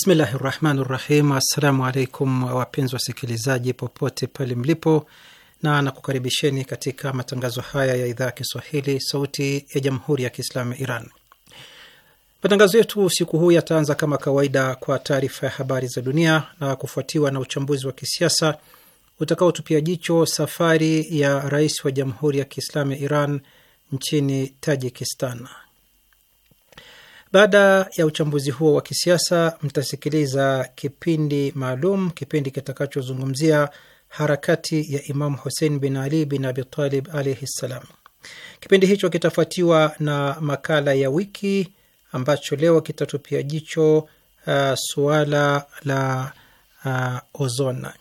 Bismillahi rahmani rahim. Assalamu alaikum wapenzi wasikilizaji popote pale mlipo, na nakukaribisheni katika matangazo haya ya idhaa ya Kiswahili sauti ya jamhuri ya Kiislamu ya Iran. Matangazo yetu usiku huu yataanza kama kawaida kwa taarifa ya habari za dunia na kufuatiwa na uchambuzi wa kisiasa utakaotupia jicho safari ya rais wa jamhuri ya Kiislamu ya Iran nchini Tajikistan. Baada ya uchambuzi huo wa kisiasa, mtasikiliza kipindi maalum, kipindi kitakachozungumzia harakati ya Imamu Husein bin Ali bin Abitalib alaihi ssalam. Kipindi hicho kitafuatiwa na makala ya wiki ambacho leo kitatupia jicho uh, suala la uh, ozona.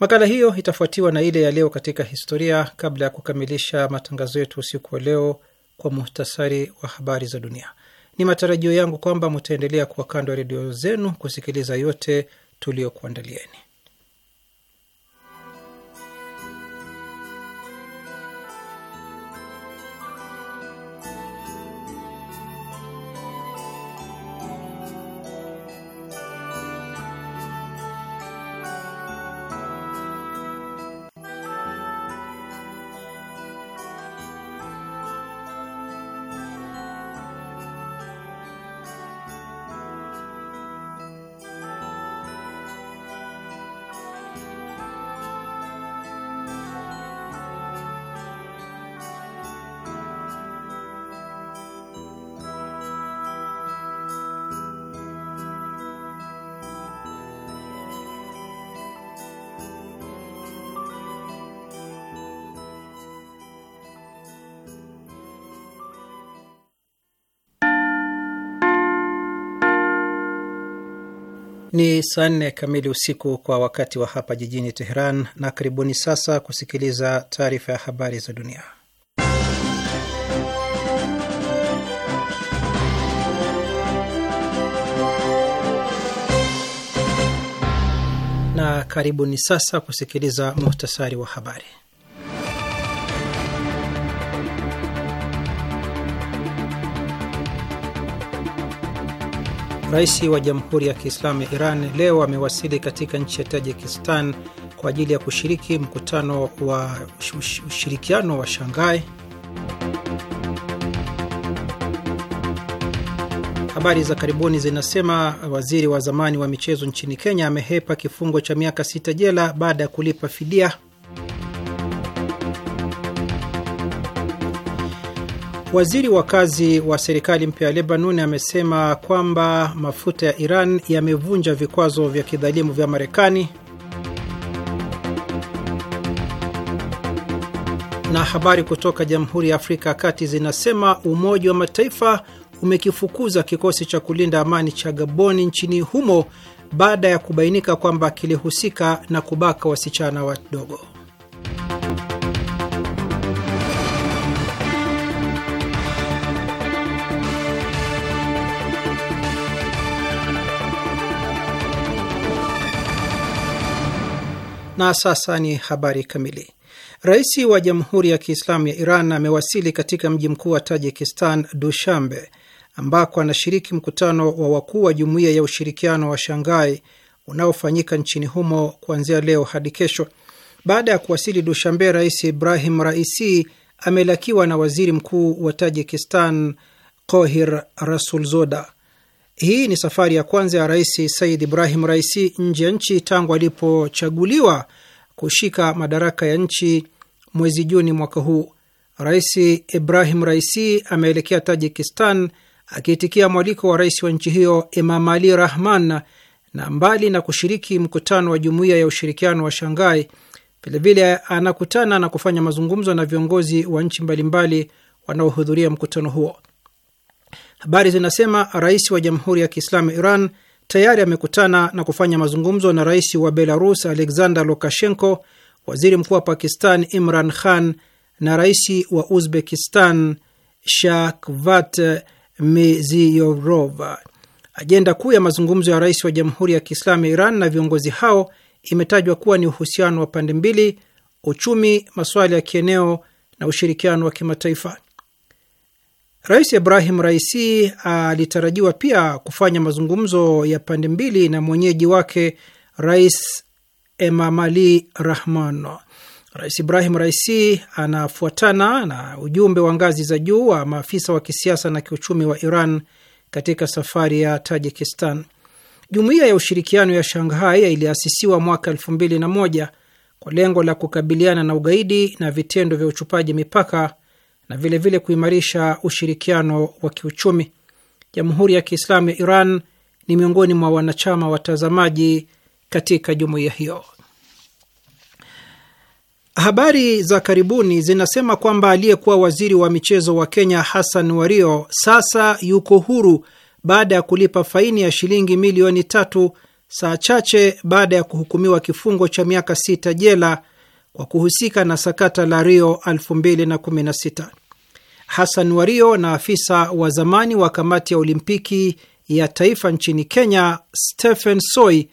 Makala hiyo itafuatiwa na ile ya leo katika historia, kabla ya kukamilisha matangazo yetu usiku wa leo kwa muhtasari wa habari za dunia. Ni matarajio yangu kwamba mutaendelea kuwa kando ya redio zenu kusikiliza yote tuliyokuandalieni. saa nne kamili usiku kwa wakati wa hapa jijini Teheran, na karibuni sasa kusikiliza taarifa ya habari za dunia. Na karibuni sasa kusikiliza muhtasari wa habari. Rais wa Jamhuri ya Kiislamu ya Iran leo amewasili katika nchi ya Tajikistan kwa ajili ya kushiriki mkutano wa ushirikiano wa Shanghai. Habari za karibuni zinasema waziri wa zamani wa michezo nchini Kenya amehepa kifungo cha miaka sita jela baada ya kulipa fidia. Waziri wa kazi wa serikali mpya ya Lebanon amesema kwamba mafuta ya Iran yamevunja vikwazo vya kidhalimu vya Marekani. Na habari kutoka Jamhuri ya Afrika ya Kati zinasema Umoja wa Mataifa umekifukuza kikosi cha kulinda amani cha Gaboni nchini humo baada ya kubainika kwamba kilihusika na kubaka wasichana wadogo. Na sasa ni habari kamili. Rais wa Jamhuri ya Kiislamu ya Iran amewasili katika mji mkuu wa Tajikistan, Dushambe, ambako anashiriki mkutano wa wakuu wa Jumuiya ya Ushirikiano wa shangai unaofanyika nchini humo kuanzia leo hadi kesho. Baada ya kuwasili Dushambe, Rais Ibrahim Raisi amelakiwa na waziri mkuu wa Tajikistan, Kohir Rasulzoda. Hii ni safari ya kwanza ya Rais Said Ibrahim Raisi nje ya nchi tangu alipochaguliwa kushika madaraka ya nchi mwezi Juni mwaka huu. Rais Ibrahim Raisi ameelekea Tajikistan akiitikia mwaliko wa rais wa nchi hiyo Imam Ali Rahman, na mbali na kushiriki mkutano wa Jumuiya ya Ushirikiano wa Shanghai, vilevile anakutana na kufanya mazungumzo na viongozi wa nchi mbalimbali wanaohudhuria mkutano huo. Habari zinasema rais wa Jamhuri ya Kiislamu Iran tayari amekutana na kufanya mazungumzo na rais wa Belarus Alexander Lukashenko, waziri mkuu wa Pakistan Imran Khan na rais wa Uzbekistan Shakvat Mirziyoyev. Ajenda kuu ya mazungumzo ya rais wa Jamhuri ya Kiislamu Iran na viongozi hao imetajwa kuwa ni uhusiano wa pande mbili, uchumi, masuala ya kieneo na ushirikiano wa kimataifa. Rais Ibrahim Raisi alitarajiwa pia kufanya mazungumzo ya pande mbili na mwenyeji wake Rais Emamali Rahman. Rais Ibrahim Raisi anafuatana na ujumbe wa ngazi za juu wa maafisa wa kisiasa na kiuchumi wa Iran katika safari ya Tajikistan. Jumuiya ya ushirikiano ya Shanghai iliasisiwa mwaka elfu mbili na moja kwa lengo la kukabiliana na ugaidi na vitendo vya uchupaji mipaka na vilevile vile kuimarisha ushirikiano wa kiuchumi. Jamhuri ya Kiislamu ya Iran ni miongoni mwa wanachama watazamaji katika jumuiya hiyo. Habari za karibuni zinasema kwamba aliyekuwa waziri wa michezo wa Kenya Hassan Wario sasa yuko huru baada ya kulipa faini ya shilingi milioni tatu saa chache baada ya kuhukumiwa kifungo cha miaka sita jela kwa kuhusika na sakata la Rio 2016. Hassan Wario na afisa wa zamani wa kamati ya Olimpiki ya taifa nchini Kenya Stephen Soi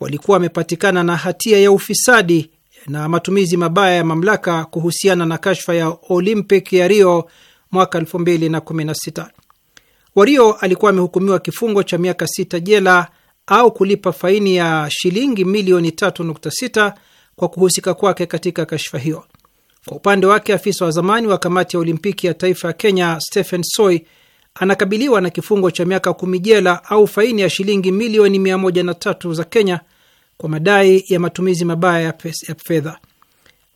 walikuwa wamepatikana na hatia ya ufisadi na matumizi mabaya ya mamlaka kuhusiana na kashfa ya Olympic ya Rio mwaka 2016. Wario alikuwa amehukumiwa kifungo cha miaka sita jela au kulipa faini ya shilingi milioni 3.6 kwa kuhusika kwake katika kashfa hiyo. Kwa upande wake, afisa wa zamani wa kamati ya olimpiki ya taifa ya Kenya Stephen Soi anakabiliwa na kifungo cha miaka kumi jela au faini ya shilingi milioni mia moja na tatu za Kenya kwa madai ya matumizi mabaya ya fedha.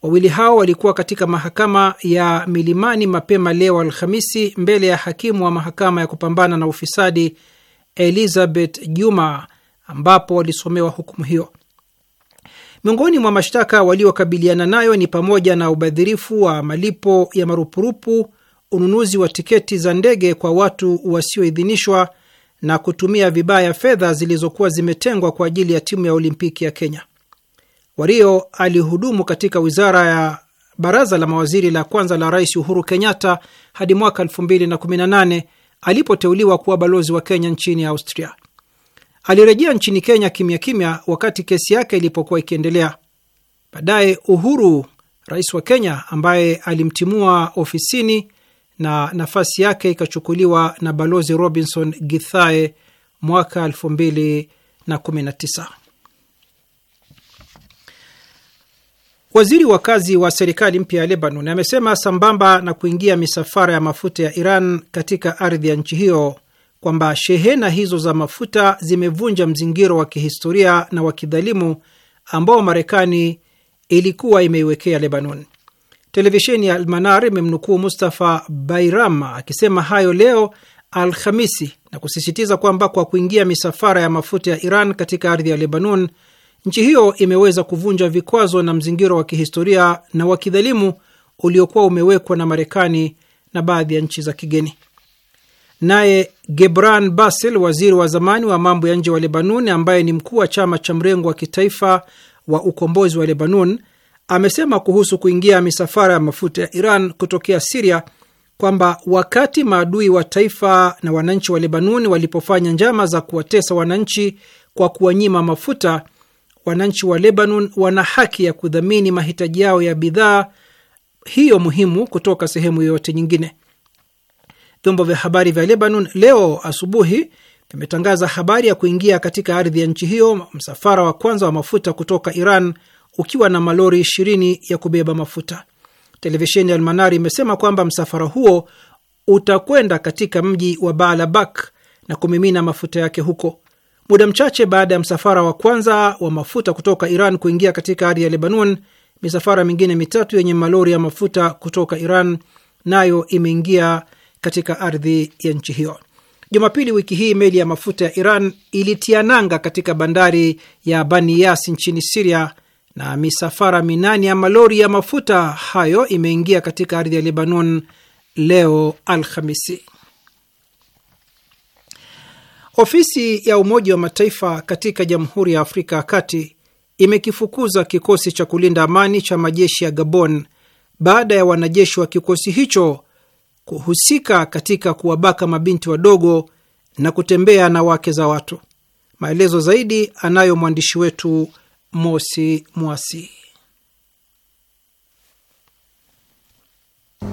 Wawili hao walikuwa katika mahakama ya Milimani mapema leo Alhamisi, mbele ya hakimu wa mahakama ya kupambana na ufisadi Elizabeth Juma, ambapo walisomewa hukumu hiyo. Miongoni mwa mashtaka waliokabiliana nayo ni pamoja na ubadhirifu wa malipo ya marupurupu, ununuzi wa tiketi za ndege kwa watu wasioidhinishwa na kutumia vibaya fedha zilizokuwa zimetengwa kwa ajili ya timu ya Olimpiki ya Kenya. Wario alihudumu katika wizara ya baraza la mawaziri la kwanza la Rais Uhuru Kenyatta hadi mwaka 2018 alipoteuliwa kuwa balozi wa Kenya nchini Austria alirejea nchini Kenya kimya kimya wakati kesi yake ilipokuwa ikiendelea. Baadaye Uhuru, rais wa Kenya, ambaye alimtimua ofisini na nafasi yake ikachukuliwa na balozi Robinson Githae mwaka 2019. Waziri wa kazi wa serikali mpya ya Lebanon amesema sambamba na kuingia misafara ya mafuta ya Iran katika ardhi ya nchi hiyo kwamba shehena hizo za mafuta zimevunja mzingiro wa kihistoria na wa kidhalimu ambao Marekani ilikuwa imeiwekea Lebanon. Televisheni ya Almanar imemnukuu Mustafa Bairam akisema hayo leo Alhamisi na kusisitiza kwamba kwa kuingia misafara ya mafuta ya Iran katika ardhi ya Lebanon, nchi hiyo imeweza kuvunja vikwazo na mzingiro wa kihistoria na wa kidhalimu uliokuwa umewekwa na Marekani na baadhi ya nchi za kigeni. Naye Gebran Basel, waziri wa zamani wa mambo ya nje wa Lebanon, ambaye ni mkuu wa chama cha mrengo wa kitaifa wa ukombozi wa Lebanon, amesema kuhusu kuingia misafara ya mafuta ya Iran kutokea Siria kwamba wakati maadui wa taifa na wananchi wa Lebanon walipofanya njama za kuwatesa wananchi kwa kuwanyima mafuta, wananchi wa Lebanon wana haki ya kudhamini mahitaji yao ya bidhaa hiyo muhimu kutoka sehemu yoyote nyingine. Vyombo vya habari vya Lebanon leo asubuhi vimetangaza habari ya kuingia katika ardhi ya nchi hiyo msafara wa kwanza wa mafuta kutoka Iran ukiwa na malori ishirini ya kubeba mafuta. Televisheni ya Almanari imesema kwamba msafara huo utakwenda katika mji wa Baalabak na kumimina mafuta yake huko. Muda mchache baada ya msafara wa kwanza wa mafuta kutoka Iran kuingia katika ardhi ya Lebanon, misafara mingine mitatu yenye malori ya mafuta kutoka Iran nayo imeingia katika ardhi ya nchi hiyo. Jumapili wiki hii meli ya mafuta ya Iran ilitia nanga katika bandari ya Bani Yas nchini Siria, na misafara minane ya malori ya mafuta hayo imeingia katika ardhi ya Lebanon leo Alhamisi. Ofisi ya Umoja wa Mataifa katika Jamhuri ya Afrika ya Kati imekifukuza kikosi cha kulinda amani cha majeshi ya Gabon baada ya wanajeshi wa kikosi hicho kuhusika katika kuwabaka mabinti wadogo na kutembea na wake za watu. Maelezo zaidi anayo mwandishi wetu Mosi Mwasi.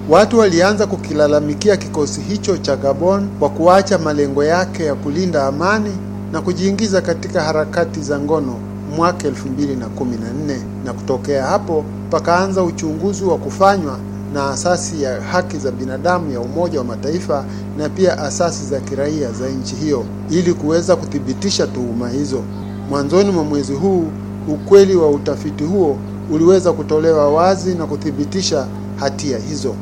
Watu walianza kukilalamikia kikosi hicho cha Gabon kwa kuacha malengo yake ya kulinda amani na kujiingiza katika harakati za ngono mwaka 2014 na kutokea hapo pakaanza uchunguzi wa kufanywa na asasi ya haki za binadamu ya Umoja wa Mataifa na pia asasi za kiraia za nchi hiyo ili kuweza kuthibitisha tuhuma hizo. Mwanzoni mwa mwezi huu, ukweli wa utafiti huo uliweza kutolewa wazi na kuthibitisha hatia hizo,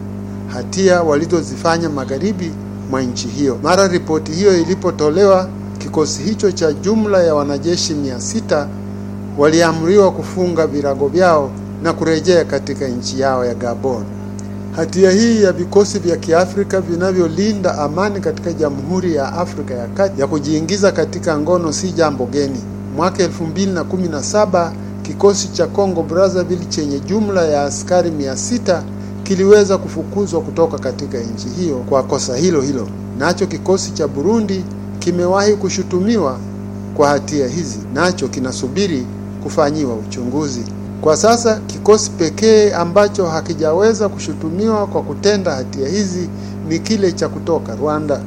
hatia walizozifanya magharibi mwa nchi hiyo. Mara ripoti hiyo ilipotolewa, kikosi hicho cha jumla ya wanajeshi mia sita waliamriwa kufunga virago vyao na kurejea katika nchi yao ya Gabon. Hatia hii ya vikosi vya Kiafrika vinavyolinda amani katika Jamhuri ya Afrika ya Kati ya kujiingiza katika ngono si jambo geni. Mwaka 2017 kikosi cha Congo Brazzaville chenye jumla ya askari 600 kiliweza kufukuzwa kutoka katika nchi hiyo kwa kosa hilo hilo. Nacho kikosi cha Burundi kimewahi kushutumiwa kwa hatia hizi, nacho kinasubiri kufanyiwa uchunguzi. Kwa sasa kikosi pekee ambacho hakijaweza kushutumiwa kwa kutenda hatia hizi ni kile cha kutoka Rwanda,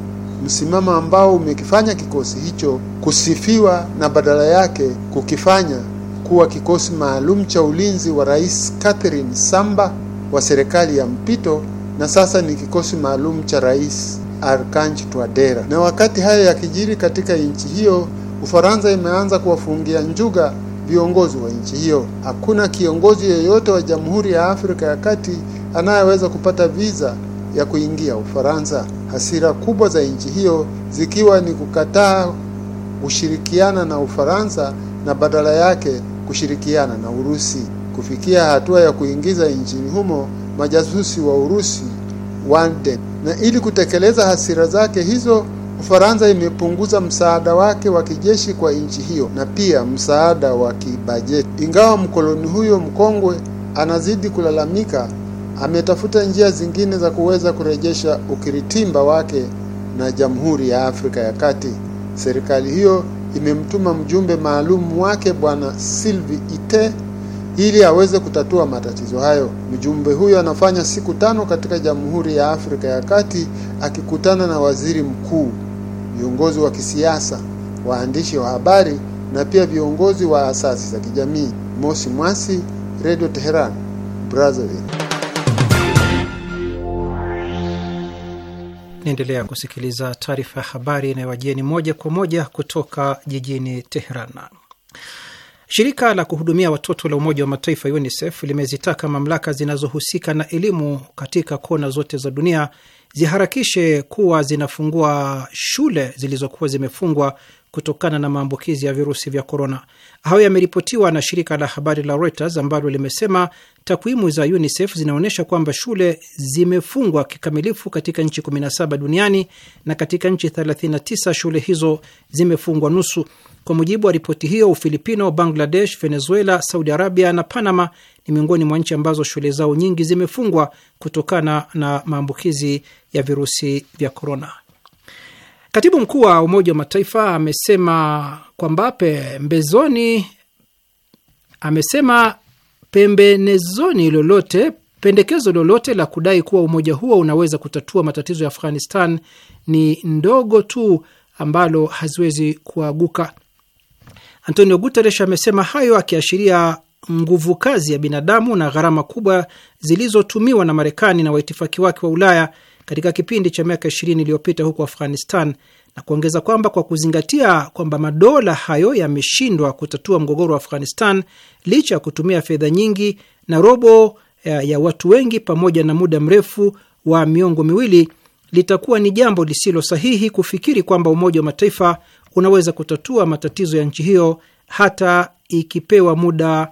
msimamo ambao umekifanya kikosi hicho kusifiwa na badala yake kukifanya kuwa kikosi maalum cha ulinzi wa Rais Catherine Samba wa serikali ya mpito, na sasa ni kikosi maalum cha Rais Archange Touadera. Na wakati haya yakijiri katika nchi hiyo, Ufaransa imeanza kuwafungia njuga viongozi wa nchi hiyo. Hakuna kiongozi yeyote wa Jamhuri ya Afrika ya Kati anayeweza kupata viza ya kuingia Ufaransa, hasira kubwa za nchi hiyo zikiwa ni kukataa kushirikiana na Ufaransa na badala yake kushirikiana na Urusi, kufikia hatua ya kuingiza nchini humo majasusi wa Urusi wanted. na ili kutekeleza hasira zake hizo Ufaransa imepunguza msaada wake wa kijeshi kwa nchi hiyo na pia msaada wa kibajeti. Ingawa mkoloni huyo mkongwe anazidi kulalamika, ametafuta njia zingine za kuweza kurejesha ukiritimba wake na Jamhuri ya Afrika ya Kati. Serikali hiyo imemtuma mjumbe maalum wake Bwana sylvi Ite ili aweze kutatua matatizo hayo. Mjumbe huyo anafanya siku tano katika Jamhuri ya Afrika ya Kati akikutana na waziri mkuu viongozi wa kisiasa, waandishi wa habari na pia viongozi wa asasi za kijamii. Mosi Mwasi, Radio Teheran, Brazzaville. Naendelea kusikiliza taarifa ya habari inayowajieni moja kwa moja kutoka jijini Teheran. Shirika la kuhudumia watoto la Umoja wa Mataifa UNICEF limezitaka mamlaka zinazohusika na elimu katika kona zote za dunia ziharakishe kuwa zinafungua shule zilizokuwa zimefungwa kutokana na maambukizi ya virusi vya korona. Hayo yameripotiwa na shirika la habari la Reuters ambalo limesema takwimu za UNICEF zinaonyesha kwamba shule zimefungwa kikamilifu katika nchi 17 duniani na katika nchi 39 shule hizo zimefungwa nusu. Kwa mujibu wa ripoti hiyo, Ufilipino, Bangladesh, Venezuela, Saudi Arabia na Panama ni miongoni mwa nchi ambazo shule zao nyingi zimefungwa kutokana na maambukizi ya virusi vya korona. Katibu mkuu wa Umoja wa Mataifa amesema kwamba pembezoni, amesema pembenezoni lolote pendekezo lolote la kudai kuwa umoja huo unaweza kutatua matatizo ya Afghanistan ni ndogo tu ambalo haziwezi kuaguka Antonio Guterres amesema hayo akiashiria nguvu kazi ya binadamu na gharama kubwa zilizotumiwa na Marekani na waitifaki wake wa Ulaya katika kipindi cha miaka 20 iliyopita huko Afghanistan, na kuongeza kwamba kwa kuzingatia kwamba madola hayo yameshindwa kutatua mgogoro wa Afghanistan licha ya kutumia fedha nyingi na robo ya, ya watu wengi pamoja na muda mrefu wa miongo miwili, litakuwa ni jambo lisilo sahihi kufikiri kwamba Umoja wa Mataifa unaweza kutatua matatizo ya nchi hiyo hata ikipewa muda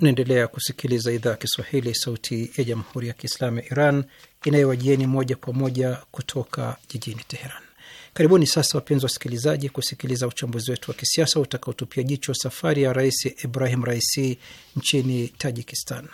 Unaendelea kusikiliza idhaa ya Kiswahili, sauti ya jamhuri ya kiislamu ya Iran inayowajieni moja kwa moja kutoka jijini Teheran. Karibuni sasa, wapenzi wasikilizaji, kusikiliza uchambuzi wetu wa kisiasa utakaotupia jicho safari ya Rais Ibrahim Raisi nchini Tajikistan.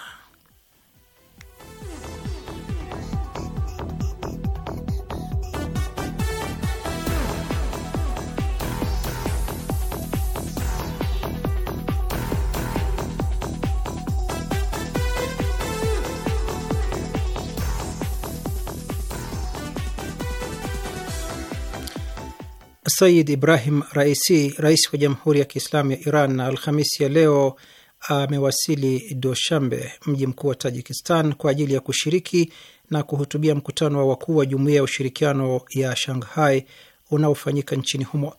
Sayid Ibrahim Raisi, rais wa Jamhuri ya Kiislamu ya Iran, na Alhamisi ya leo amewasili Doshambe, mji mkuu wa Tajikistan, kwa ajili ya kushiriki na kuhutubia mkutano wa wakuu wa Jumuiya ya Ushirikiano ya Shanghai unaofanyika nchini humo.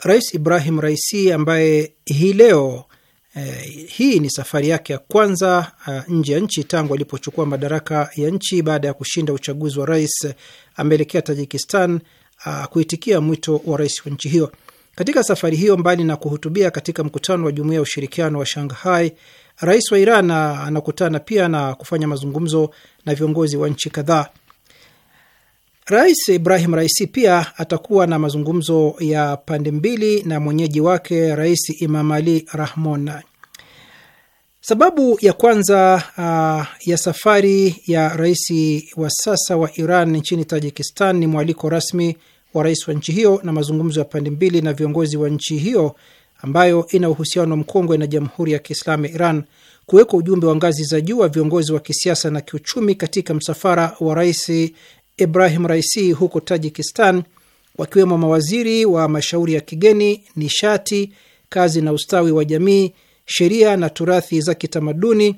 Rais Ibrahim Raisi, ambaye hii leo eh, hii ni safari yake ya kwanza ah, nje ya nchi tangu alipochukua madaraka ya nchi baada ya kushinda uchaguzi wa rais, ameelekea Tajikistan uh, kuitikia mwito wa rais wa nchi hiyo. Katika safari hiyo, mbali na kuhutubia katika mkutano wa jumuiya ya ushirikiano wa Shanghai, rais wa Iran anakutana pia na kufanya mazungumzo na viongozi wa nchi kadhaa. Rais Ibrahim Raisi pia atakuwa na mazungumzo ya pande mbili na mwenyeji wake Rais Imam Ali Rahmon. Sababu ya kwanza uh, ya safari ya rais wa sasa wa Iran nchini Tajikistan ni mwaliko rasmi wa rais wa nchi hiyo na mazungumzo ya pande mbili na viongozi wa nchi hiyo ambayo ina uhusiano mkongwe na Jamhuri ya Kiislamu ya Iran kuwekwa ujumbe wa ngazi za juu wa viongozi wa kisiasa na kiuchumi katika msafara wa Rais Ibrahim Raisi huko Tajikistan, wakiwemo mawaziri wa mashauri ya kigeni, nishati, kazi na ustawi wa jamii, sheria na turathi za kitamaduni,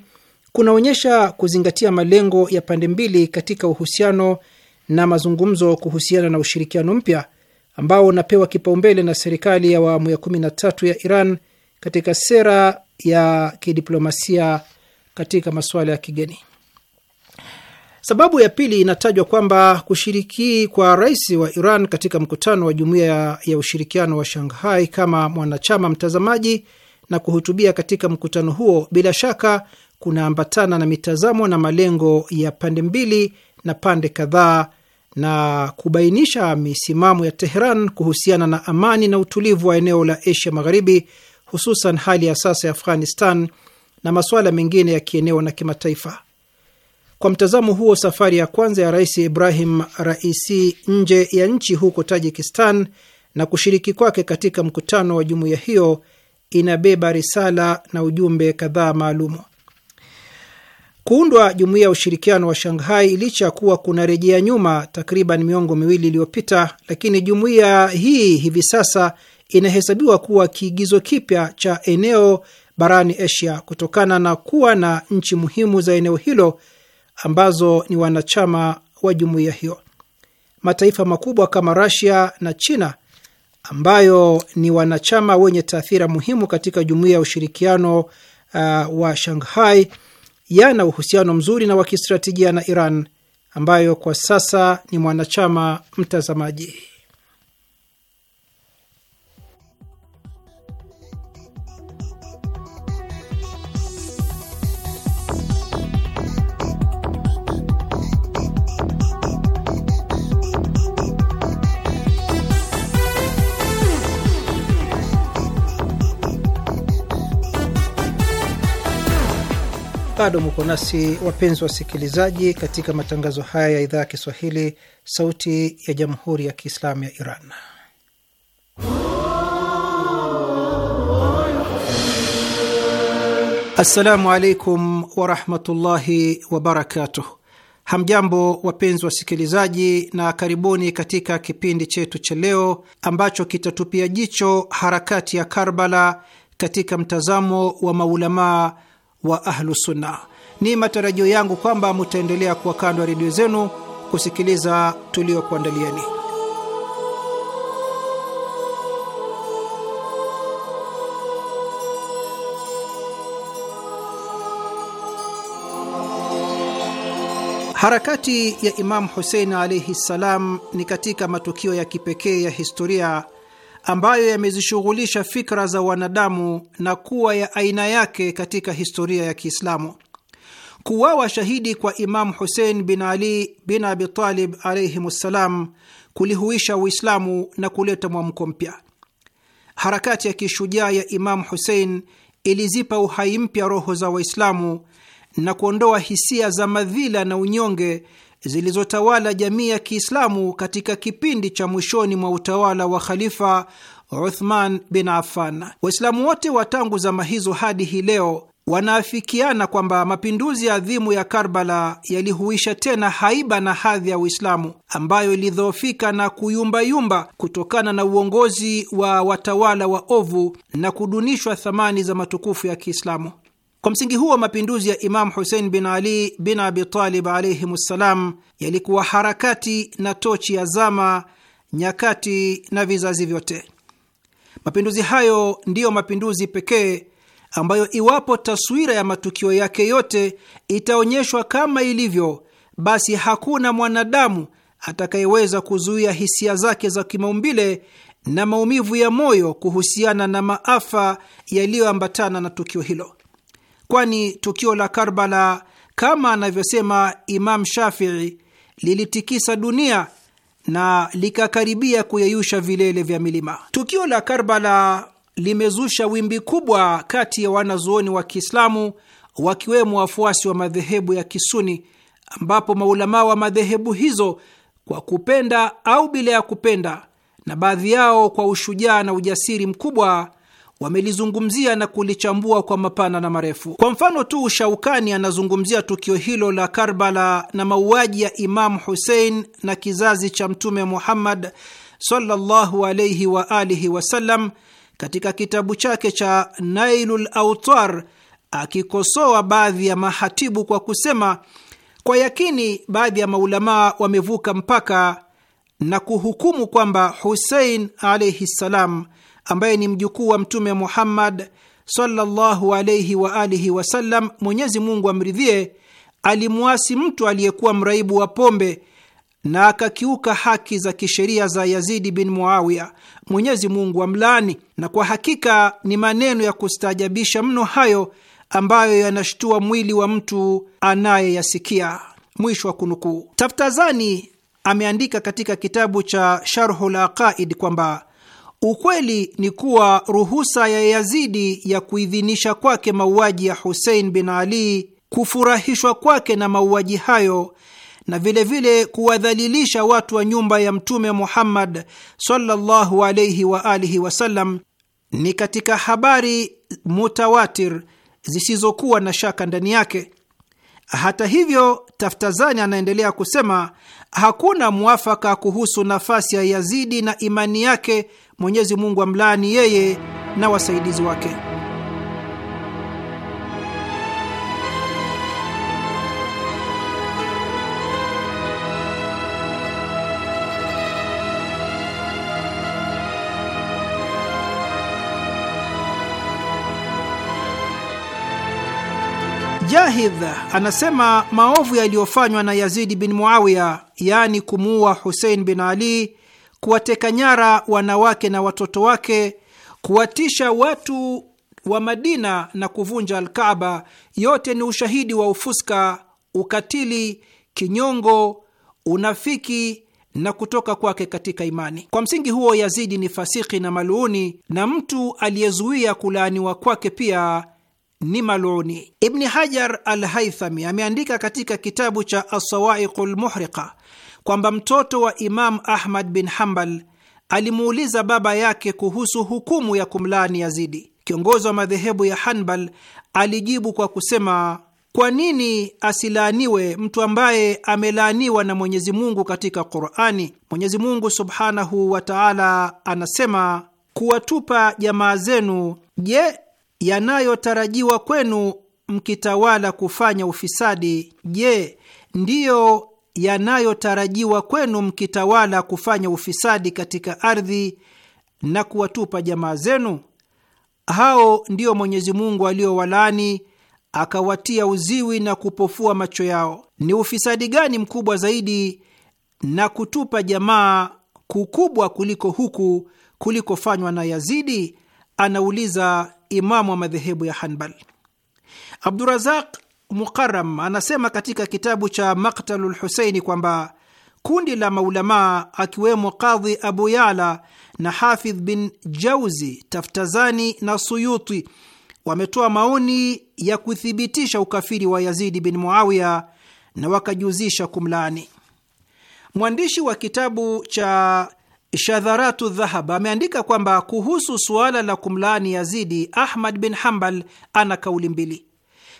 kunaonyesha kuzingatia malengo ya pande mbili katika uhusiano na mazungumzo kuhusiana na ushirikiano mpya ambao unapewa kipaumbele na serikali ya awamu ya 13 ya Iran katika sera ya kidiplomasia katika masuala ya kigeni. Sababu ya pili inatajwa kwamba kushiriki kwa rais wa Iran katika mkutano wa jumuiya ya ushirikiano wa Shanghai kama mwanachama mtazamaji na kuhutubia katika mkutano huo bila shaka kunaambatana na mitazamo na malengo ya pande mbili na pande kadhaa na kubainisha misimamo ya Teheran kuhusiana na amani na utulivu wa eneo la Asia Magharibi, hususan hali ya sasa ya Afghanistan na masuala mengine ya kieneo na kimataifa. Kwa mtazamo huo, safari ya kwanza ya Rais Ibrahim Raisi nje ya nchi huko Tajikistan na kushiriki kwake katika mkutano wa jumuiya hiyo inabeba risala na ujumbe kadhaa maalumu. Kuundwa jumuiya ya ushirikiano wa Shanghai licha ya kuwa rejea nyuma takriban miongo miwili iliyopita, lakini jumuiya hii hivi sasa inahesabiwa kuwa kiigizo kipya cha eneo barani Asia kutokana na kuwa na nchi muhimu za eneo hilo ambazo ni wanachama wa jumuiya hiyo. Mataifa makubwa kama Russia na China ambayo ni wanachama wenye taathira muhimu katika jumuiya ya ushirikiano uh, wa Shanghai yana uhusiano mzuri na wa kistratejia na Iran ambayo kwa sasa ni mwanachama mtazamaji. Bado mko nasi wapenzi wasikilizaji, katika matangazo haya ya idhaa ya Kiswahili, Sauti ya Jamhuri ya Kiislamu ya Iran. Assalamu alaikum warahmatullahi wabarakatuh. Hamjambo wapenzi wasikilizaji, na karibuni katika kipindi chetu cha leo ambacho kitatupia jicho harakati ya Karbala katika mtazamo wa maulamaa wa Ahlusunna. Ni matarajio yangu kwamba mutaendelea kuwa kando ya redio zenu kusikiliza tuliokuandalieni. Harakati ya Imamu Husein alaihi ssalam ni katika matukio ya kipekee ya historia ambayo yamezishughulisha fikra za wanadamu na kuwa ya aina yake katika historia ya Kiislamu. Kuwawa shahidi kwa Imamu Husein bin Ali bin Abitalib alaihim ssalam kulihuisha Uislamu na kuleta mwamko mpya. Harakati ya kishujaa ya Imamu Husein ilizipa uhai mpya roho za Waislamu na kuondoa hisia za madhila na unyonge zilizotawala jamii ya Kiislamu katika kipindi cha mwishoni mwa utawala wa Khalifa Uthman bin Affan. Waislamu wote wa tangu zama hizo hadi hii leo wanaafikiana kwamba mapinduzi adhimu ya Karbala yalihuisha tena haiba na hadhi ya Uislamu ambayo ilidhoofika na kuyumbayumba kutokana na uongozi wa watawala wa ovu na kudunishwa thamani za matukufu ya Kiislamu. Kwa msingi huo mapinduzi ya Imamu Husein bin Ali bin Abitalib alaihim ssalam yalikuwa harakati na tochi ya zama, nyakati na vizazi vyote. Mapinduzi hayo ndiyo mapinduzi pekee ambayo iwapo taswira ya matukio yake yote itaonyeshwa kama ilivyo, basi hakuna mwanadamu atakayeweza kuzuia hisia zake za kimaumbile na maumivu ya moyo kuhusiana na maafa yaliyoambatana na tukio hilo kwani tukio la Karbala kama anavyosema Imam Shafii lilitikisa dunia na likakaribia kuyeyusha vilele vya milima. Tukio la Karbala limezusha wimbi kubwa kati ya wanazuoni wa Kiislamu, wakiwemo wafuasi wa madhehebu ya Kisuni, ambapo maulamaa wa madhehebu hizo kwa kupenda au bila ya kupenda, na baadhi yao kwa ushujaa na ujasiri mkubwa wamelizungumzia na kulichambua kwa mapana na marefu. Kwa mfano tu, Shaukani anazungumzia tukio hilo la Karbala na mauaji ya Imamu Husein na kizazi cha Mtume Muhammad sallallahu alayhi wa alihi wasallam katika kitabu chake cha Nailul Autar akikosoa baadhi ya mahatibu kwa kusema, kwa yakini baadhi ya maulamaa wamevuka mpaka na kuhukumu kwamba Husein alaihi ssalam ambaye ni mjukuu wa Mtume Muhammad sallallahu alayhi wa alihi wasallam, Mwenyezi Mungu amridhie, alimwasi mtu aliyekuwa mraibu wa pombe na akakiuka haki za kisheria za Yazidi bin Muawiya, Mwenyezi Mungu amlani. Na kwa hakika ni maneno ya kustaajabisha mno hayo ambayo yanashtua mwili wa mtu anayeyasikia. Mwisho wa kunukuu. Taftazani ameandika katika kitabu cha Sharhul Aqaid kwamba Ukweli ni kuwa ruhusa ya Yazidi ya kuidhinisha kwake mauaji ya Husein bin Ali, kufurahishwa kwake na mauaji hayo na vilevile kuwadhalilisha watu wa nyumba ya Mtume Muhammad sallallahu alaihi wa alihi wasallam ni katika habari mutawatir zisizokuwa na shaka ndani yake. Hata hivyo, Taftazani anaendelea kusema hakuna mwafaka kuhusu nafasi ya Yazidi na imani yake Mwenyezi Mungu amlani yeye na wasaidizi wake. Jahidh anasema maovu yaliyofanywa na Yazidi bin Muawiya, yaani kumuua Husein bin Ali kuwateka nyara wanawake na watoto wake, kuwatisha watu wa Madina na kuvunja alkaba yote ni ushahidi wa ufuska, ukatili, kinyongo, unafiki na kutoka kwake katika imani. Kwa msingi huo, Yazidi ni fasiki na maluuni, na mtu aliyezuia kulaaniwa kwake pia ni maluuni. Ibni Hajar al Haithami ameandika katika kitabu cha Asawaiqu lmuhriqa kwamba mtoto wa Imamu Ahmad bin Hambal alimuuliza baba yake kuhusu hukumu ya kumlaani Yazidi. Kiongozi wa madhehebu ya Hanbal alijibu kwa kusema, kwa nini asilaaniwe mtu ambaye amelaaniwa na Mwenyezi Mungu katika Qurani? Mwenyezi Mungu subhanahu wa taala anasema, kuwatupa jamaa zenu, je, yanayotarajiwa kwenu mkitawala kufanya ufisadi, je, ndiyo yanayotarajiwa kwenu mkitawala kufanya ufisadi katika ardhi na kuwatupa jamaa zenu? Hao ndio Mwenyezi Mungu aliowalani akawatia uziwi na kupofua macho yao. Ni ufisadi gani mkubwa zaidi na kutupa jamaa kukubwa kuliko huku kulikofanywa na Yazidi? Anauliza imamu wa madhehebu ya Hanbal. Abdurazaq Mukaram anasema katika kitabu cha Maktalu Lhuseini kwamba kundi la maulamaa akiwemo Qadhi Abu Yala na Hafidh bin Jauzi, Taftazani na Suyuti wametoa maoni ya kuthibitisha ukafiri wa Yazidi bin Muawiya na wakajiuzisha kumlaani. Mwandishi wa kitabu cha Shadharatu Dhahab ameandika kwamba kuhusu suala la kumlaani Yazidi, Ahmad bin Hambal ana kauli mbili.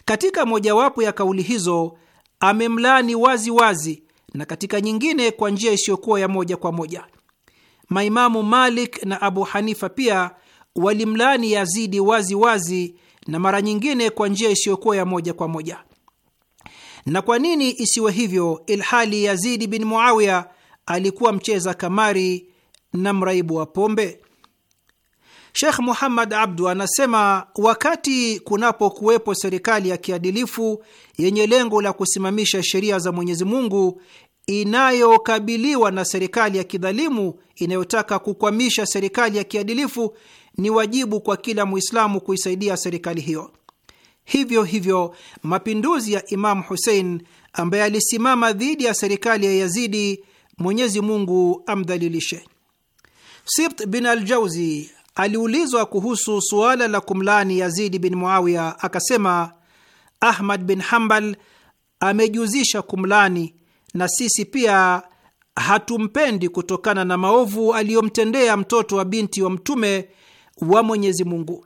Katika mojawapo ya kauli hizo amemlaani wazi wazi na katika nyingine kwa njia isiyokuwa ya moja kwa moja. Maimamu Malik na Abu Hanifa pia walimlaani Yazidi wazi wazi na mara nyingine kwa njia isiyokuwa ya moja kwa moja. Na kwa nini isiwe hivyo, ilhali Yazidi bin Muawiya alikuwa mcheza kamari na mraibu wa pombe? Shekh Muhammad Abdu anasema wakati kunapokuwepo serikali ya kiadilifu yenye lengo la kusimamisha sheria za Mwenyezi Mungu inayokabiliwa na serikali ya kidhalimu inayotaka kukwamisha serikali ya kiadilifu, ni wajibu kwa kila Muislamu kuisaidia serikali hiyo. Hivyo hivyo mapinduzi ya Imamu Husein ambaye alisimama dhidi ya serikali ya Yazidi, Mwenyezi Mungu amdhalilishe. Sibt bin Aljauzi aliulizwa kuhusu suala la kumlani Yazidi bin Muawiya akasema, Ahmad bin Hambal amejuzisha kumlani na sisi pia hatumpendi kutokana na maovu aliyomtendea mtoto wa binti wa mtume wa Mwenyezi Mungu.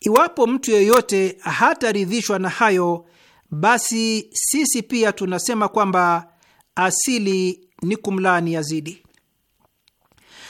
Iwapo mtu yeyote hataridhishwa na hayo, basi sisi pia tunasema kwamba asili ni kumlani Yazidi.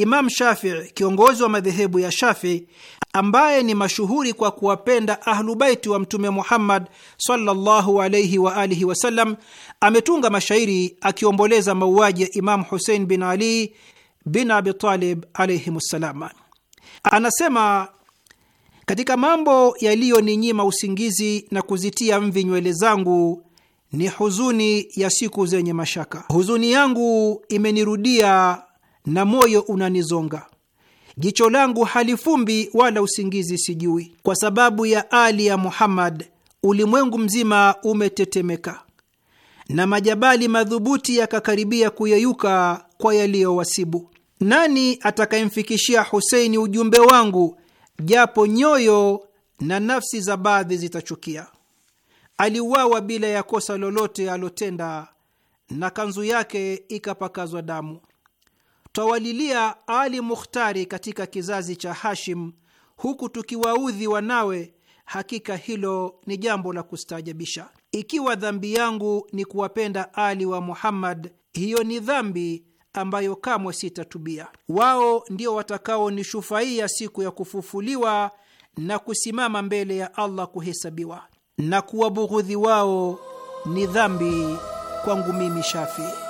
Imam Shafii, kiongozi wa madhehebu ya Shafii, ambaye ni mashuhuri kwa kuwapenda Ahlubaiti wa Mtume Muhammad sallallahu alaihi wa alihi wasallam, ametunga mashairi akiomboleza mauaji ya Imamu Husein bin Ali bin Abitalib alaihim ssalam. Anasema, katika mambo yaliyoninyima usingizi na kuzitia mvi nywele zangu ni huzuni ya siku zenye mashaka. Huzuni yangu imenirudia na moyo unanizonga, jicho langu halifumbi wala usingizi sijui. Kwa sababu ya Ali ya Muhammad ulimwengu mzima umetetemeka na majabali madhubuti yakakaribia kuyeyuka kwa yaliyowasibu. Nani atakayemfikishia Huseini ujumbe wangu, japo nyoyo na nafsi za baadhi zitachukia? Aliuawa bila ya kosa lolote alotenda, na kanzu yake ikapakazwa damu. Twawalilia Ali Mukhtari katika kizazi cha Hashim, huku tukiwaudhi wanawe. Hakika hilo ni jambo la kustaajabisha. Ikiwa dhambi yangu ni kuwapenda Ali wa Muhammad, hiyo ni dhambi ambayo kamwe sitatubia. Wao ndio watakaonishufaia siku ya kufufuliwa na kusimama mbele ya Allah kuhesabiwa, na kuwabughudhi wao ni dhambi kwangu mimi Shafii.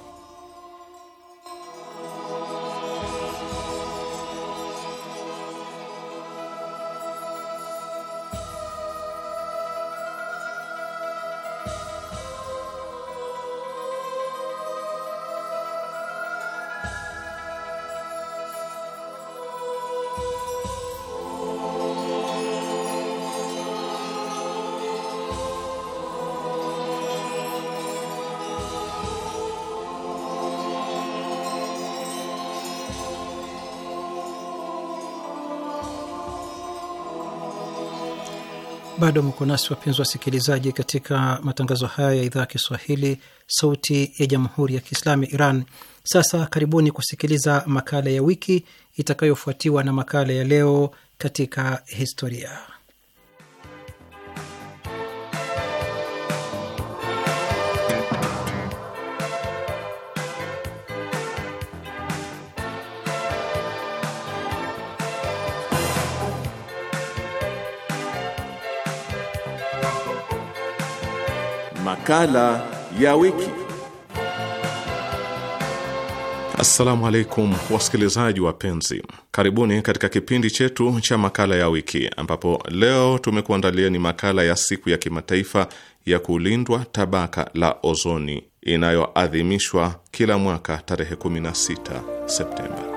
Bado mko nasi wapenzi wasikilizaji, katika matangazo haya ya idhaa ya Kiswahili, Sauti ya Jamhuri ya Kiislamu ya Iran. Sasa karibuni kusikiliza makala ya wiki itakayofuatiwa na makala ya leo katika historia. Makala ya wiki. Assalamu alaikum wasikilizaji wapenzi, karibuni katika kipindi chetu cha makala ya wiki, ambapo leo tumekuandalieni makala ya siku ya kimataifa ya kulindwa tabaka la ozoni inayoadhimishwa kila mwaka tarehe 16 Septemba.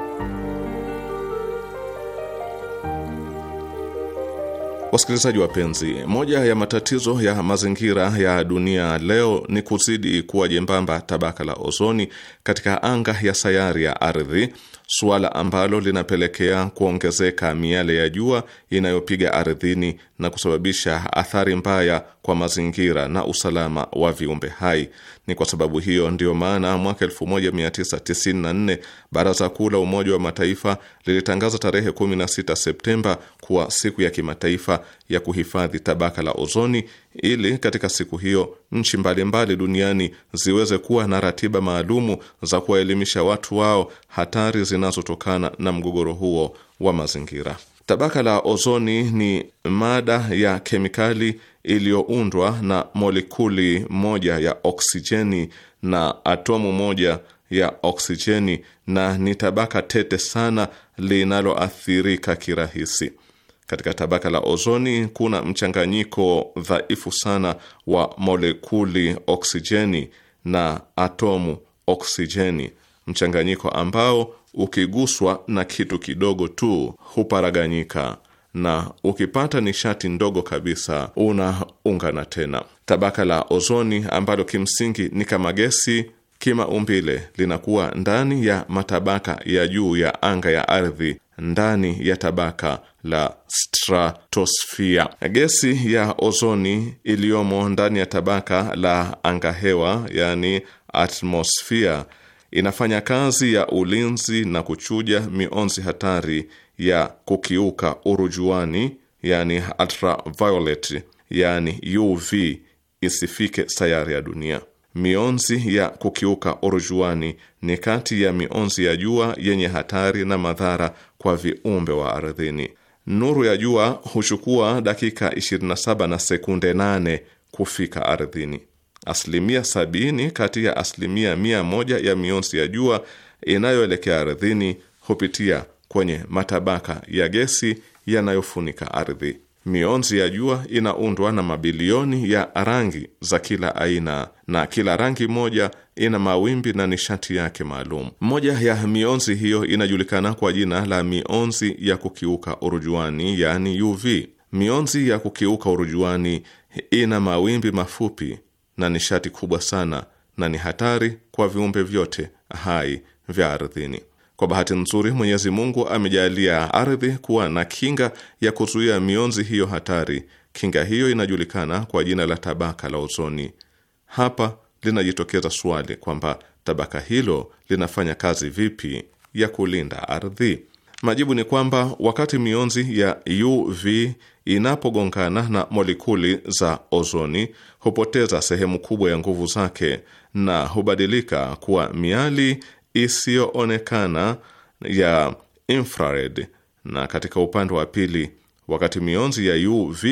Wasikilizaji wapenzi, moja ya matatizo ya mazingira ya dunia leo ni kuzidi kuwa jembamba tabaka la ozoni katika anga ya sayari ya ardhi, suala ambalo linapelekea kuongezeka miale ya jua inayopiga ardhini na kusababisha athari mbaya kwa mazingira na usalama wa viumbe hai. Ni kwa sababu hiyo ndiyo maana mwaka 1994 Baraza Kuu la Umoja wa Mataifa lilitangaza tarehe 16 Septemba kuwa siku ya kimataifa ya kuhifadhi tabaka la ozoni, ili katika siku hiyo nchi mbalimbali duniani ziweze kuwa na ratiba maalumu za kuwaelimisha watu wao hatari zinazotokana na mgogoro huo wa mazingira. Tabaka la ozoni ni mada ya kemikali iliyoundwa na molekuli moja ya oksijeni na atomu moja ya oksijeni na ni tabaka tete sana linaloathirika kirahisi. Katika tabaka la ozoni kuna mchanganyiko dhaifu sana wa molekuli oksijeni na atomu oksijeni, mchanganyiko ambao ukiguswa na kitu kidogo tu huparaganyika na ukipata nishati ndogo kabisa unaungana tena. Tabaka la ozoni ambalo kimsingi ni kama gesi kimaumbile, linakuwa ndani ya matabaka ya juu ya anga ya ardhi, ndani ya tabaka la stratosfia. Gesi ya ozoni iliyomo ndani ya tabaka la angahewa, yani atmosfia inafanya kazi ya ulinzi na kuchuja mionzi hatari ya kukiuka urujuani, yani ultraviolet, yani UV isifike sayari ya dunia. Mionzi ya kukiuka urujuani ni kati ya mionzi ya jua yenye hatari na madhara kwa viumbe wa ardhini. Nuru ya jua huchukua dakika 27 na sekunde 8 kufika ardhini asilimia sabini kati ya asilimia mia moja ya mionzi ya jua inayoelekea ardhini hupitia kwenye matabaka ya gesi yanayofunika ardhi. Mionzi ya jua inaundwa na mabilioni ya rangi za kila aina na kila rangi moja ina mawimbi na nishati yake maalum. Moja ya mionzi hiyo inajulikana kwa jina la mionzi ya kukiuka urujuani, yaani UV. Mionzi ya kukiuka urujuani ina mawimbi mafupi na nishati kubwa sana na ni hatari kwa viumbe vyote hai vya ardhini. Kwa bahati nzuri, Mwenyezi Mungu amejalia ardhi kuwa na kinga ya kuzuia mionzi hiyo hatari. Kinga hiyo inajulikana kwa jina la tabaka la ozoni. Hapa linajitokeza swali kwamba tabaka hilo linafanya kazi vipi ya kulinda ardhi? Majibu ni kwamba wakati mionzi ya UV inapogongana na molekuli za ozoni hupoteza sehemu kubwa ya nguvu zake na hubadilika kuwa miali isiyoonekana ya infrared. Na katika upande wa pili, wakati mionzi ya UV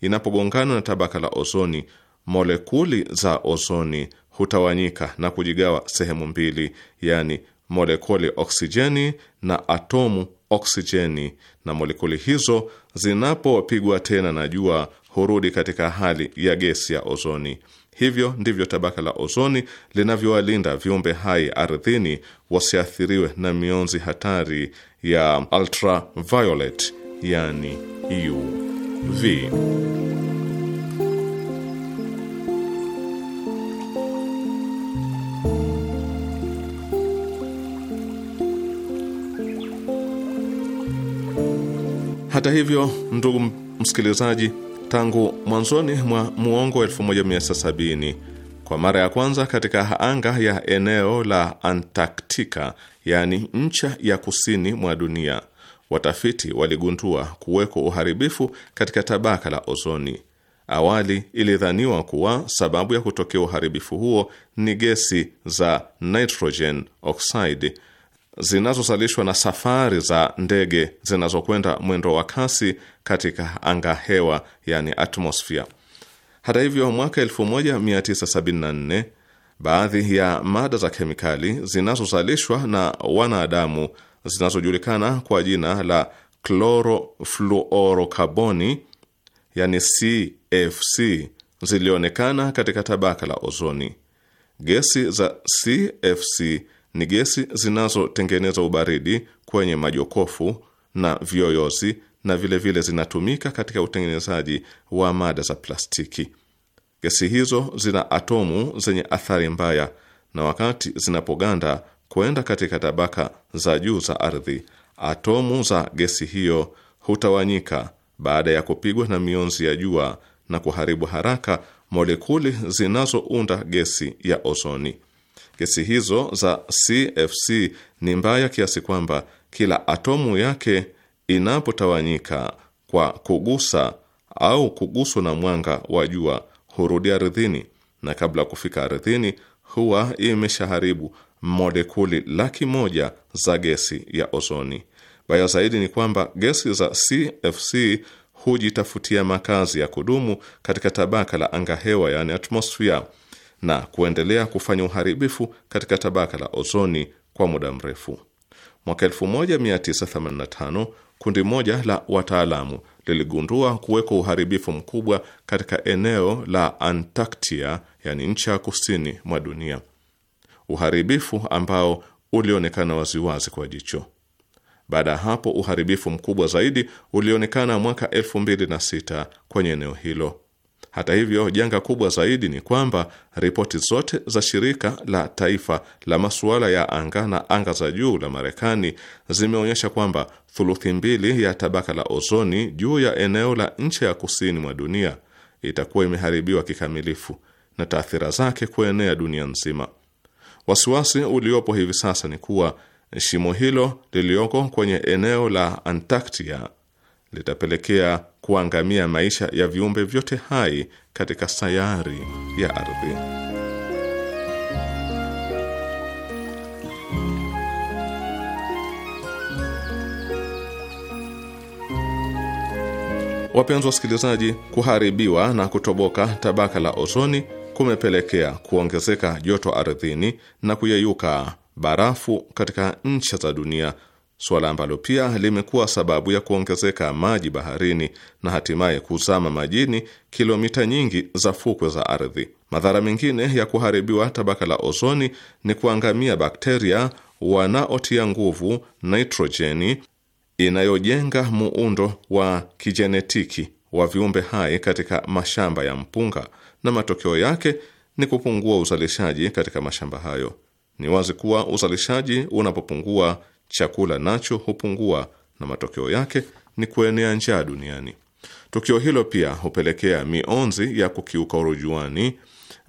inapogongana na tabaka la ozoni, molekuli za ozoni hutawanyika na kujigawa sehemu mbili, yani molekuli oksijeni na atomu oksijeni, na molekuli hizo zinapopigwa tena na jua hurudi katika hali ya gesi ya ozoni. Hivyo ndivyo tabaka la ozoni linavyowalinda viumbe hai ardhini wasiathiriwe na mionzi hatari ya ultraviolet, yani UV. Hata hivyo, ndugu msikilizaji, tangu mwanzoni mwa muongo 1970 kwa mara ya kwanza katika anga ya eneo la Antaktika, yaani ncha ya kusini mwa dunia, watafiti waligundua kuweko uharibifu katika tabaka la ozoni. Awali ilidhaniwa kuwa sababu ya kutokea uharibifu huo ni gesi za nitrogen oxide zinazozalishwa na safari za ndege zinazokwenda mwendo wa kasi katika anga hewa, yani atmosphere. Hata hivyo, mwaka 1974 baadhi ya mada za kemikali zinazozalishwa na wanadamu zinazojulikana kwa jina la klorofluorokaboni yani CFC zilionekana katika tabaka la ozoni. Gesi za CFC ni gesi zinazotengeneza ubaridi kwenye majokofu na vyoyozi na vilevile vile zinatumika katika utengenezaji wa mada za plastiki. Gesi hizo zina atomu zenye athari mbaya, na wakati zinapoganda kwenda katika tabaka za juu za ardhi, atomu za gesi hiyo hutawanyika baada ya kupigwa na mionzi ya jua na kuharibu haraka molekuli zinazounda gesi ya ozoni. Kesi hizo za CFC ni mbaya kiasi kwamba kila atomu yake inapotawanyika kwa kugusa au kuguswa na mwanga wa jua hurudi ardhini, na kabla ya kufika ardhini huwa imeshaharibu molekuli laki moja za gesi ya ozoni. Baya zaidi ni kwamba gesi za CFC hujitafutia makazi ya kudumu katika tabaka la angahewa, yani atmosphere na kuendelea kufanya uharibifu katika tabaka la ozoni kwa muda mrefu. Mwaka 1985 kundi moja la wataalamu liligundua kuweko uharibifu mkubwa katika eneo la Antaktia, yani ncha ya kusini mwa dunia, uharibifu ambao ulionekana waziwazi kwa jicho. Baada ya hapo uharibifu mkubwa zaidi ulionekana mwaka 2006 kwenye eneo hilo. Hata hivyo, janga kubwa zaidi ni kwamba ripoti zote za shirika la taifa la masuala ya anga na anga za juu la Marekani zimeonyesha kwamba thuluthi mbili ya tabaka la ozoni juu ya eneo la ncha ya kusini mwa dunia itakuwa imeharibiwa kikamilifu na taathira zake kuenea dunia nzima. Wasiwasi uliopo hivi sasa ni kuwa shimo hilo liliyoko kwenye eneo la Antarctica litapelekea kuangamia maisha ya viumbe vyote hai katika sayari ya ardhi. Wapenzi wasikilizaji, kuharibiwa na kutoboka tabaka la ozoni kumepelekea kuongezeka joto ardhini na kuyeyuka barafu katika ncha za dunia suala ambalo pia limekuwa sababu ya kuongezeka maji baharini na hatimaye kuzama majini kilomita nyingi za fukwe za ardhi. Madhara mengine ya kuharibiwa tabaka la ozoni ni kuangamia bakteria wanaotia nguvu nitrojeni inayojenga muundo wa kijenetiki wa viumbe hai katika mashamba ya mpunga, na matokeo yake ni kupungua uzalishaji katika mashamba hayo. Ni wazi kuwa uzalishaji unapopungua chakula nacho hupungua na matokeo yake ni kuenea njaa duniani. Tukio hilo pia hupelekea mionzi ya kukiuka urujuani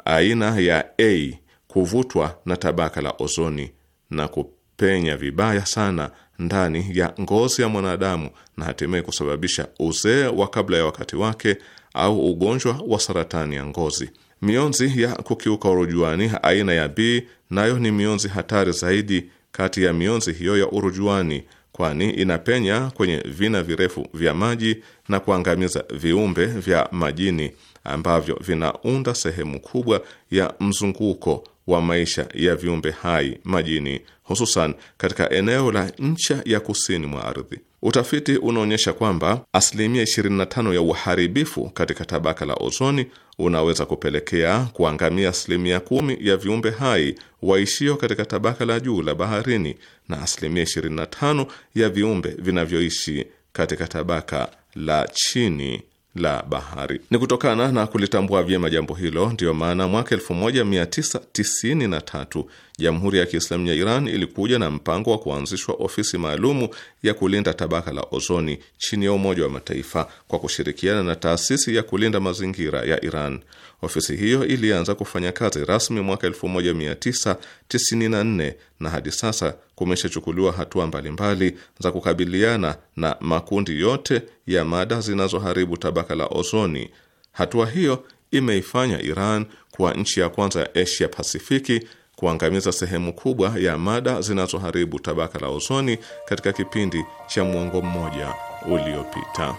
aina ya A kuvutwa na tabaka la ozoni na kupenya vibaya sana ndani ya ngozi ya mwanadamu na hatimaye kusababisha uzee wa kabla ya wakati wake au ugonjwa wa saratani ya ngozi. Mionzi ya kukiuka urujuani aina ya B nayo ni mionzi hatari zaidi kati ya mionzi hiyo ya urujuani, kwani inapenya kwenye vina virefu vya maji na kuangamiza viumbe vya majini ambavyo vinaunda sehemu kubwa ya mzunguko wa maisha ya viumbe hai majini, hususan katika eneo la ncha ya kusini mwa ardhi. Utafiti unaonyesha kwamba asilimia 25 ya uharibifu katika tabaka la ozoni unaweza kupelekea kuangamia asilimia kumi ya viumbe hai waishio katika tabaka la juu la baharini na asilimia 25 ya viumbe vinavyoishi katika tabaka la chini la bahari. Ni kutokana na kulitambua vyema jambo hilo, ndiyo maana mwaka 1993 Jamhuri ya Kiislamu ya Iran ilikuja na mpango wa kuanzishwa ofisi maalumu ya kulinda tabaka la ozoni chini ya Umoja wa Mataifa kwa kushirikiana na taasisi ya kulinda mazingira ya Iran. Ofisi hiyo ilianza kufanya kazi rasmi mwaka 1994 na hadi sasa kumeshachukuliwa hatua mbalimbali za kukabiliana na makundi yote ya mada zinazoharibu tabaka la ozoni. Hatua hiyo imeifanya Iran kuwa nchi ya kwanza ya Asia Pasifiki kuangamiza sehemu kubwa ya mada zinazoharibu tabaka la ozoni katika kipindi cha mwongo mmoja uliopita.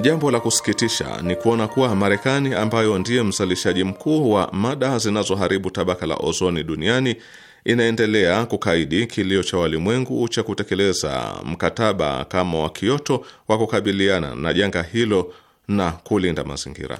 Jambo la kusikitisha ni kuona kuwa Marekani ambayo ndiye mzalishaji mkuu wa mada zinazoharibu tabaka la ozoni duniani inaendelea kukaidi kilio cha walimwengu cha kutekeleza mkataba kama wa Kyoto wa kukabiliana na janga hilo na kulinda mazingira.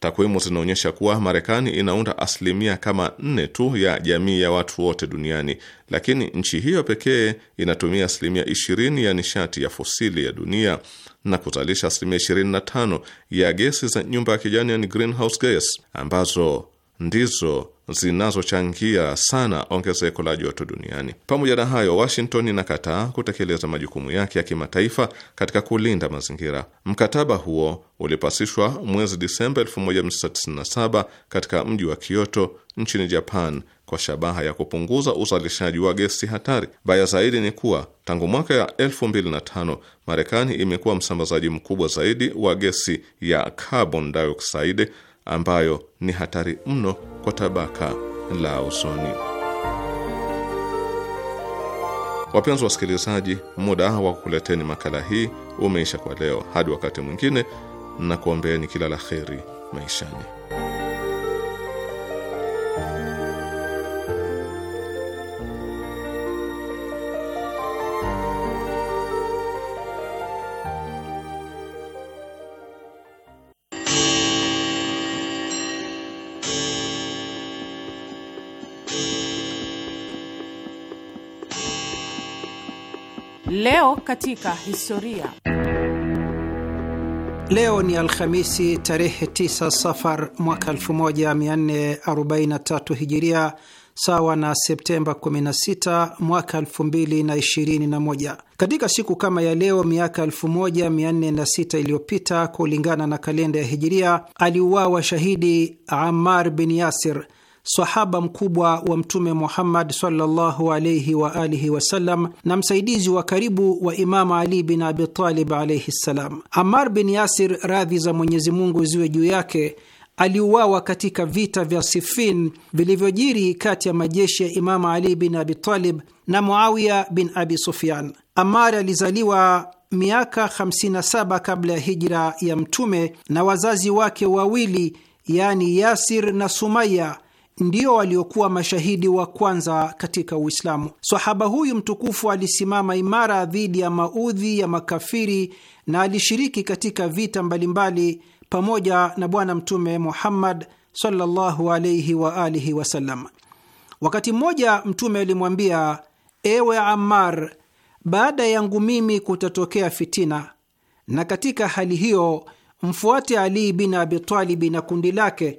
Takwimu zinaonyesha kuwa Marekani inaunda asilimia kama nne tu ya jamii ya watu wote duniani, lakini nchi hiyo pekee inatumia asilimia ishirini ya nishati ya fosili ya dunia na kuzalisha asilimia ishirini na tano ya gesi za nyumba ya kijani, yani greenhouse gas, ambazo ndizo zinazochangia sana ongezeko la joto duniani. Pamoja na hayo, Washington inakataa kutekeleza majukumu yake ya kimataifa katika kulinda mazingira. Mkataba huo ulipasishwa mwezi Disemba 1997 katika mji wa Kyoto nchini Japan kwa shabaha ya kupunguza uzalishaji wa gesi hatari. Baya zaidi ni kuwa tangu mwaka ya 2005 Marekani imekuwa msambazaji mkubwa zaidi wa gesi ya carbon dioxide ambayo ni hatari mno kwa tabaka la usoni. Wapenzi wasikilizaji, muda wa kukuleteni makala hii umeisha kwa leo. Hadi wakati mwingine, na kuombeeni kila la kheri maishani. Leo katika historia. Leo ni Alhamisi tarehe 9 Safar mwaka 1443 Hijiria, sawa na Septemba 16 mwaka 2021. Katika siku kama ya leo miaka 1406 iliyopita kulingana na kalenda ya Hijiria, aliuawa shahidi Ammar bin Yasir sahaba mkubwa wa Mtume Muhammad sallallahu alayhi wa alihi wasallam na msaidizi wa karibu wa Imamu Ali bin Abi Talib alayhi ssalam. Amar bin Yasir, radhi za Mwenyezi Mungu ziwe juu yake, aliuawa katika vita vya Sifin vilivyojiri kati ya majeshi ya Imamu Ali bin Abi Talib na Muawiya bin Abi Sufyan. amar alizaliwa miaka 57 kabla ya hijra ya Mtume na wazazi wake wawili, yani Yasir na Sumaya ndio waliokuwa mashahidi wa kwanza katika Uislamu. Sahaba huyu mtukufu alisimama imara dhidi ya maudhi ya makafiri na alishiriki katika vita mbalimbali pamoja na Bwana Mtume Muhammad sallallahu wa alihi wasallam. Wakati mmoja Mtume alimwambia, ewe Ammar, baada yangu mimi kutatokea fitina, na katika hali hiyo mfuate Ali bin Abitalibi na kundi lake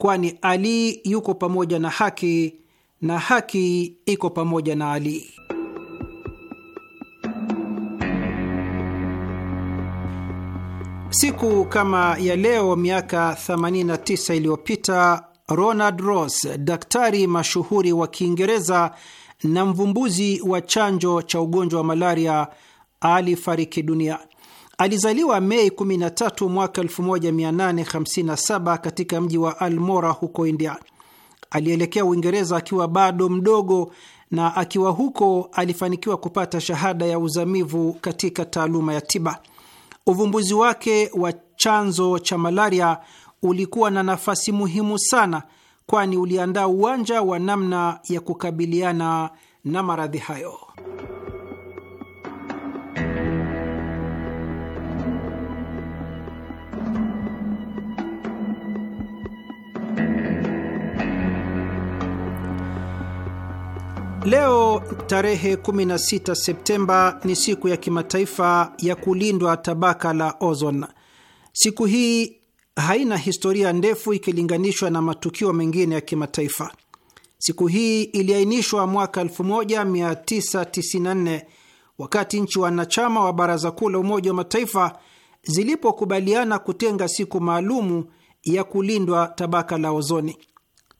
kwani Ali yuko pamoja na haki na haki iko pamoja na Ali. Siku kama ya leo miaka 89 iliyopita Ronald Ross, daktari mashuhuri wa Kiingereza na mvumbuzi wa chanjo cha ugonjwa wa malaria, alifariki dunia. Alizaliwa Mei 13 mwaka 1857 katika mji wa Almora huko India. Alielekea Uingereza akiwa bado mdogo na akiwa huko alifanikiwa kupata shahada ya uzamivu katika taaluma ya tiba. Uvumbuzi wake wa chanzo cha malaria ulikuwa na nafasi muhimu sana, kwani uliandaa uwanja wa namna ya kukabiliana na maradhi hayo. Leo tarehe 16 Septemba ni siku ya kimataifa ya kulindwa tabaka la ozon. Siku hii haina historia ndefu ikilinganishwa na matukio mengine ya kimataifa. Siku hii iliainishwa mwaka 1994 wakati nchi wanachama wa Baraza Kuu la Umoja wa Mataifa zilipokubaliana kutenga siku maalumu ya kulindwa tabaka la ozoni.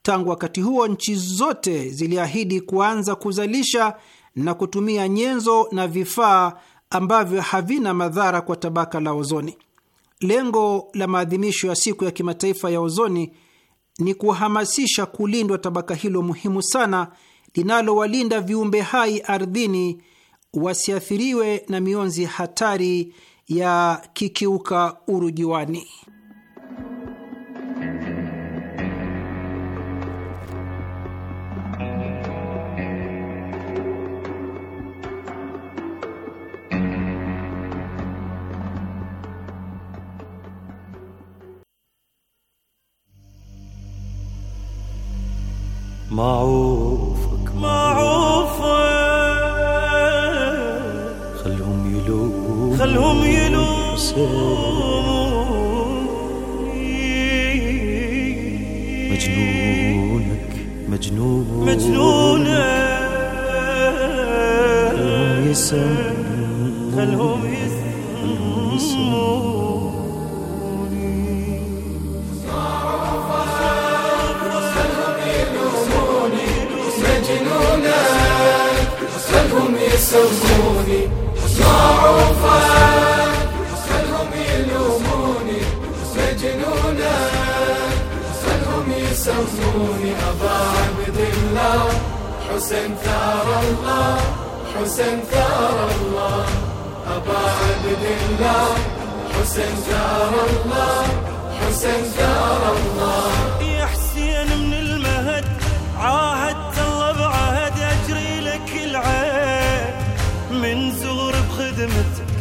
Tangu wakati huo nchi zote ziliahidi kuanza kuzalisha na kutumia nyenzo na vifaa ambavyo havina madhara kwa tabaka la ozoni. Lengo la maadhimisho ya siku ya kimataifa ya ozoni ni kuhamasisha kulindwa tabaka hilo muhimu sana linalowalinda viumbe hai ardhini wasiathiriwe na mionzi hatari ya kikiuka urujiwani. معوفك معوفك خلهم يلوموا خلهم يلوموني مجنونك مجنونك مجنونك خلهم يسمون خلهم يسمون يسوسوني حصار وفاق يلوموني مجنونا خلهم يسوسوني أضاع بذلا حسن ثار الله حسن ثار الله أبا عبد الله حسن ثار الله حسن ثار الله خدمتك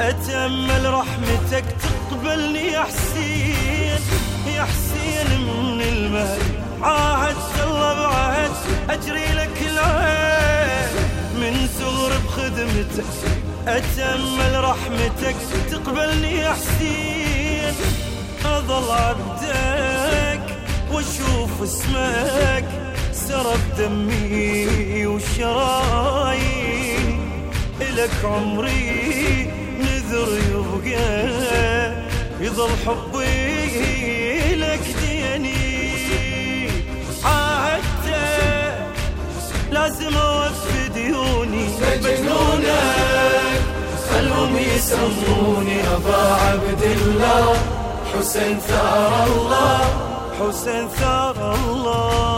أتأمل رحمتك تقبلني يا حسين يا حسين من المهد عاهد الله بعهد أجري لك العهد من صغر بخدمتك أتأمل رحمتك تقبلني يا حسين أظل عبدك وأشوف اسمك سرب دمي وشرايين إلك عمري نذر يبقى يظل حبي لك ديني حتى لازم أوفي ديوني مجنونك خلهم يسموني أبا عبد الله حسين ثار الله حسين ثار الله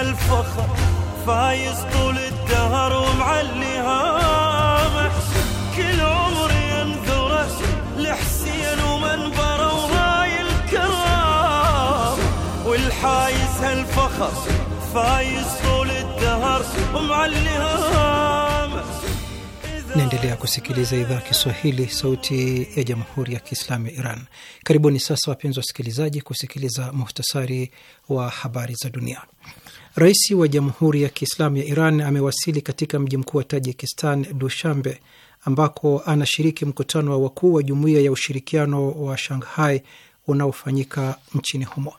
الفخر فايز طول الدهر ومعليها كل عمري انذره لحسين ومنبره وهاي الكرام والحايز هالفخر فايز طول الدهر ومعليها Naendelea kusikiliza idhaa ya Kiswahili, sauti ya jamhuri ya kiislamu ya Iran. Karibuni sasa, wapenzi wasikilizaji, kusikiliza muhtasari wa habari za dunia. Rais wa Jamhuri ya Kiislamu ya Iran amewasili katika mji mkuu wa Tajikistan, Dushambe, ambako anashiriki mkutano wa wakuu wa Jumuiya ya Ushirikiano wa Shanghai unaofanyika nchini humo.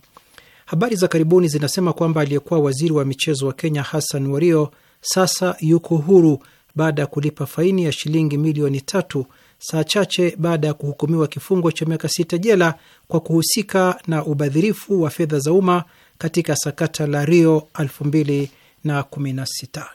Habari za karibuni zinasema kwamba aliyekuwa waziri wa michezo wa Kenya Hassan Wario sasa yuko huru baada ya kulipa faini ya shilingi milioni tatu saa chache baada ya kuhukumiwa kifungo cha miaka sita jela kwa kuhusika na ubadhirifu wa fedha za umma katika sakata la Rio 2016.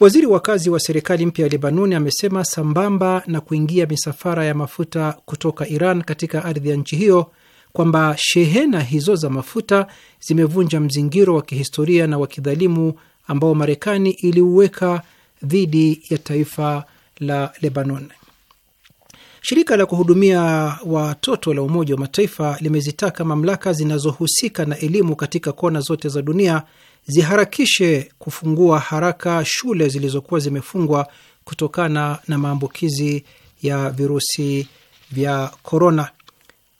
Waziri wa kazi wa serikali mpya ya Lebanoni amesema sambamba na kuingia misafara ya mafuta kutoka Iran katika ardhi ya nchi hiyo kwamba shehena hizo za mafuta zimevunja mzingiro wa kihistoria na wa kidhalimu ambao Marekani iliuweka dhidi ya taifa la Lebanon. Shirika la kuhudumia watoto la Umoja wa Mataifa limezitaka mamlaka zinazohusika na elimu katika kona zote za dunia ziharakishe kufungua haraka shule zilizokuwa zimefungwa kutokana na maambukizi ya virusi vya korona.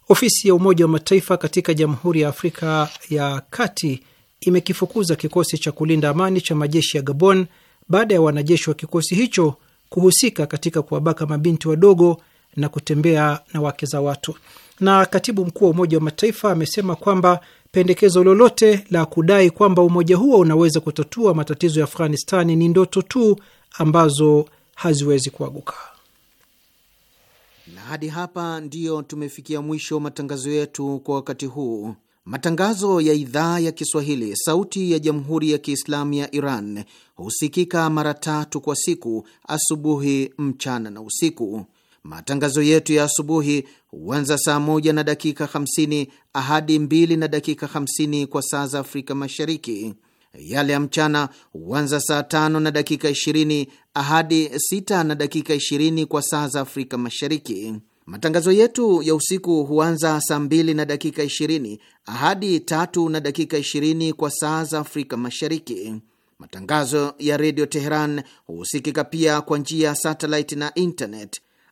Ofisi ya Umoja wa Mataifa katika Jamhuri ya Afrika ya Kati imekifukuza kikosi cha kulinda amani cha majeshi ya Gabon baada ya wanajeshi wa kikosi hicho kuhusika katika kuwabaka mabinti wadogo na kutembea na wake za watu. Na katibu mkuu wa Umoja wa Mataifa amesema kwamba pendekezo lolote la kudai kwamba umoja huo unaweza kutatua matatizo ya Afghanistani ni ndoto tu ambazo haziwezi kuaguka. Na hadi hapa ndiyo tumefikia mwisho matangazo yetu kwa wakati huu. Matangazo ya idhaa ya Kiswahili, sauti ya jamhuri ya kiislamu ya Iran husikika mara tatu kwa siku: asubuhi, mchana na usiku. Matangazo yetu ya asubuhi huanza saa moja na dakika 50 ahadi 2 na dakika 50 kwa saa za Afrika Mashariki. Yale ya mchana huanza saa tano na dakika 20 ahadi sita na dakika 20 kwa saa za Afrika Mashariki. Matangazo yetu ya usiku huanza saa mbili na dakika 20 ahadi tatu na dakika 20 kwa saa za Afrika Mashariki. Matangazo ya Redio Teheran husikika pia kwa njia ya satellite na internet.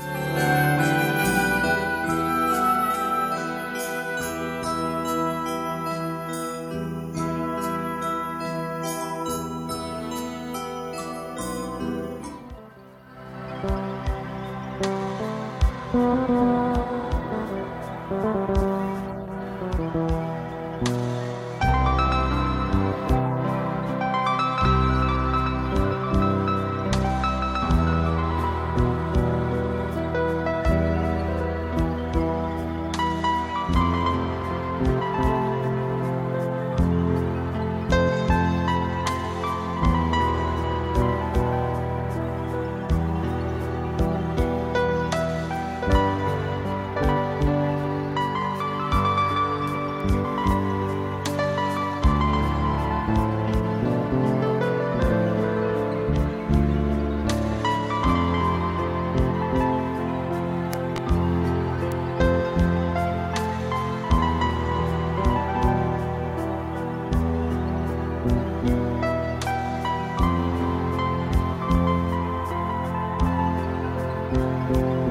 you. Música